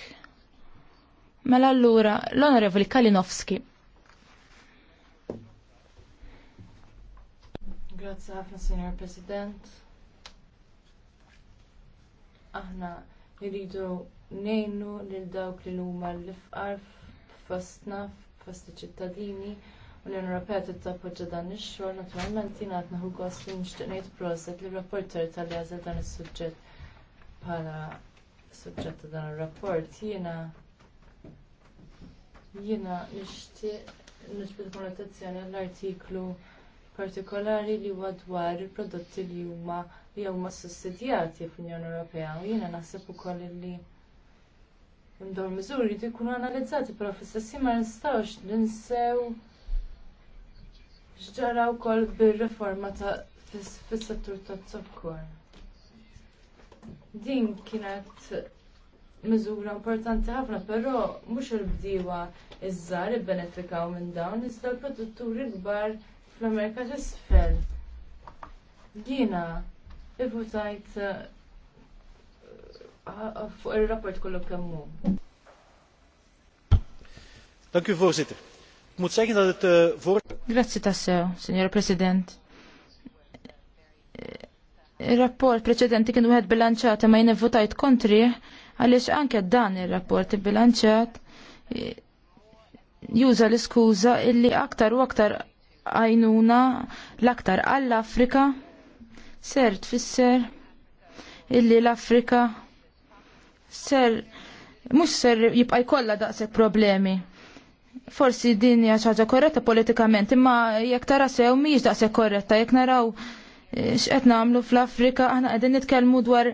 Mela allura l-onorevoli Kalinowski. Grazie ħafna, Signor President. Aħna jridu nejnu lil dawk li huma l-ifqar f'fostna f'fost iċ-ċittadini n unjoni ta' tappoġġa dan ix-xogħol naturalment jien qed naħu gost li nixtieq ngħid proset li rapporter tal-li għażel dan is-suġġett bħala suġġett ta' dan ir-rapport jiena jiena nixtieq nisbit konnotazzjoni għall-artiklu partikolari li huwa dwar il-prodotti li huma li huma sussidjati fl-Unjoni Ewropea u jiena naħseb ukoll li dawn miżuri jkunu analizzati però fl-istess ma nistgħux ninsew Xġara wkoll bir-riforma ta' fis-settur tat-sokkor. Din kienet miżura importanti ħafna, però mhux il-bdiewa iż-żar ibbenefikaw minn dawn, iżda l-produtturi kbar fl-Amerika t'isfel. Jiena ivvutajt eh, fuq ir rapport kollu kemm hu. Dank Eh, Grazie tassew, signor President. Il-rapport preċedenti kien wieħed bilanċat ma jien votajt kontri għaliex anke dan ir-rapport bilanċat e, juża l-iskuża illi aktar u aktar għajnuna l-aktar għall-Afrika ser tfisser illi l-Afrika ser mhux ser jibqa' jkollha daqshekk problemi forsi din hija xi ħaġa korretta politikament, imma jekk tara sew mhijiex daqshekk korretta, jekk naraw eh, x'qed nagħmlu fl-Afrika aħna qegħdin nitkellmu dwar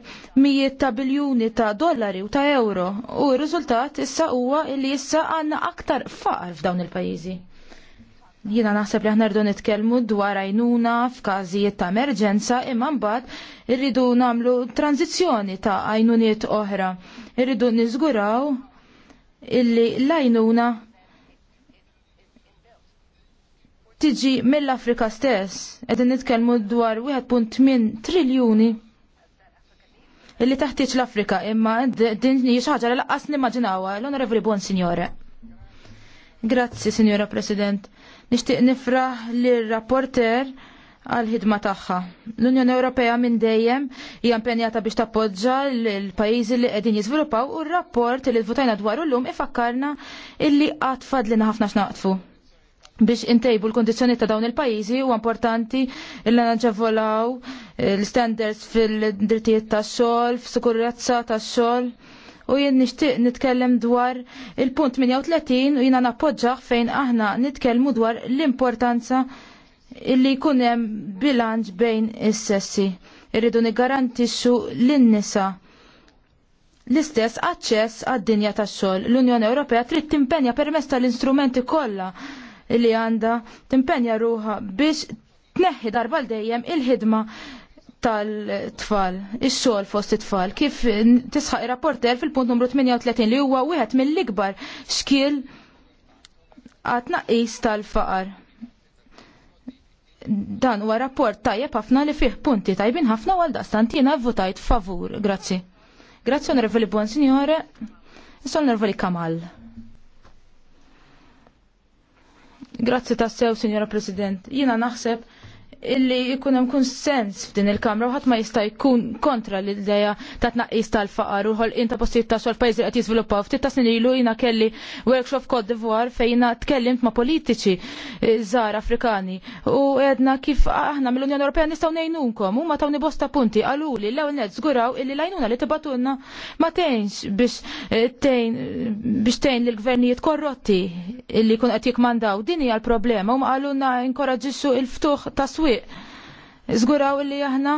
mijiet ta' biljuni ta' dollari u ta' euro u r-riżultat issa huwa li issa għandna aktar faqar f'dawn il-pajjiżi. Jiena naħseb li aħna rridu nitkellmu dwar għajnuna f'każijiet ta' emerġenza imma mbagħad irridu nagħmlu tranzizzjoni ta' għajnuniet oħra. Irridu niżguraw illi l-għajnuna tiġi mill-Afrika stess. Qegħdin nitkellmu dwar 1.8 triljuni illi taħtieġ l-Afrika imma din hi xi ħaġa li laqqas nimmaġinawha l-Onorevoli Bon Signore. Grazzi, Signora President. Nixtieq nifraħ lir-rapporter għal-ħidma tagħha. L-Unjoni Ewropea minn dejjem hija impenjata biex tappoġġa l-pajjiżi li qegħdin jiżviluppaw u r-rapport li votajna dwaru llum ifakkarna illi qatt fadlina ħafna x'naqtfu biex intejbu l-kondizjoni ta' dawn il-pajizi u importanti illa naġavolaw eh, l-standards fil-drittijiet ta' xol, f'sikurezza ta' xol. U jien nixtieq nitkellem dwar il-punt 38 u jiena nappoġġaħ fejn aħna nitkellmu dwar l-importanza illi jkun hemm bilanċ bejn is-sessi. Irridu niggarantixxu lin-nisa l-istess aċċess għad-dinja tax-xogħol. L-Unjoni Ewropea trid timpenja permezz tal-instrumenti kollha li għandha timpenja ruha biex tneħħi darba dejjem il-ħidma tal-tfal, is-sol fost it-tfal, kif tisħaq ir-rapporter fil-punt numru 38 li huwa wieħed mill-ikbar xkil għat naqis tal-faqar. Dan huwa rapport tajjeb ħafna li fih punti tajbin ħafna għal daqstantina votajt favur. Grazzi. Grazzi onorevoli Bonsignore, Signore, sol onorevoli Kamal. Grazzi tassew, Signora President. Jina naħseb illi jkun hemm sens f'din il-Kamra u ħadd ma jista' jkun kontra l-idea ta' tnaqqis tal-faqar u ħolqien ta' postijiet ta' xogħol li qed jiżviluppaw. Ftit ta' snin ilu jiena kelli workshop Cote d'Ivoire fejn tkellimt ma' politiċi eh, żgħar Afrikani u għedna kif aħna mill-Unjoni Ewropea nistgħu ngħinunkom huma tawni bosta punti qaluli l ewwel nett żguraw illi lajnuna li tibatunna ma tgħinx biex eh, tgħin biex tgħin lill-gvernijiet korrotti illi jkun qed jikmandaw din hija l-problema huma qalulna inkoraġġixxu il-ftuħ ta' is-swieq. Zguraw li aħna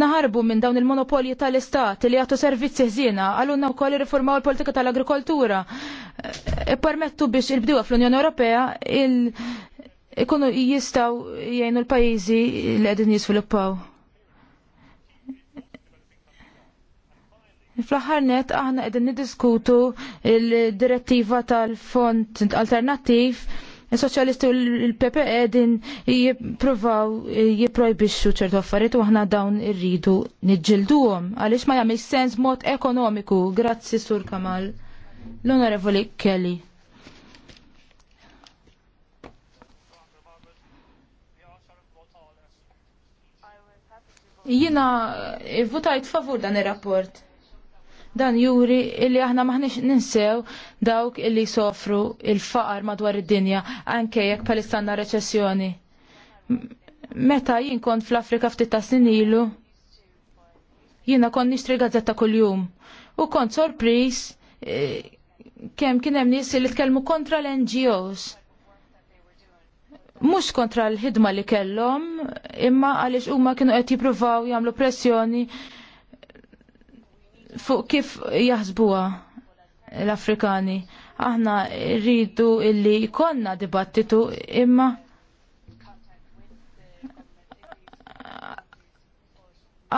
naħarbu minn dawn il-monopolji tal-istat li jagħtu servizzi ħżiena, għalunna wkoll irriformaw il-politika tal-agrikoltura. E, permettu biex il-bdiewa fl-Unjoni Ewropea il ikunu jistaw jgħinu l-pajjiżi li qegħdin jisviluppaw. Fl-aħħar net aħna qegħdin niddiskutu il-direttiva tal font alternattiv Il-soċjalisti u l-PPE din jippruvaw jipprojbixxu ċertu affarijiet u aħna dawn irridu niġġilduhom għaliex ma jagħmel sens mod ekonomiku. Grazzi Sur Kamal. L-Onorevoli Kelly. Jina eh, votajt favur dan ir-rapport. Dan juri illi aħna maħniex ninsew dawk illi sofru il-faqar madwar id-dinja anke jekk palistanna reċessjoni. Meta jien kont fl-Afrika ftit ta' sinilu, jiena kon nixtri gazzetta kuljum u kont sorpris e, kemm kien hemm nies li tkellmu kontra l-NGOs mux kontra l-ħidma li kellhom, imma għaliex huma kienu qed jippruvaw jagħmlu pressjoni fuq kif jaħsbuha l-Afrikani. Aħna rridu illi konna dibattitu imma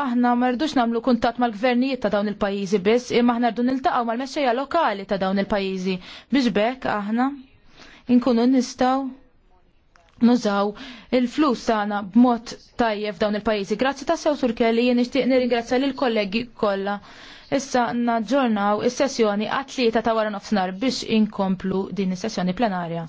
aħna ma rridux nagħmlu kuntatt mal-gvernijiet ta' dawn il-pajjiżi biss, imma aħna rridu niltaqgħu mal-mexxejja lokali ta' dawn il-pajjiżi biex bekk aħna inkunu nistgħu nużaw il-flus tagħna b'mod tajjeb dawn il-pajjiżi. Grazzi ta' sew Sur jien nixtieq nirringrazzja lill kollegi kollha Issa naġġornaw is-sessjoni għat-tlieta ta' wara nofsinhar biex inkomplu din is-sessjoni plenarja.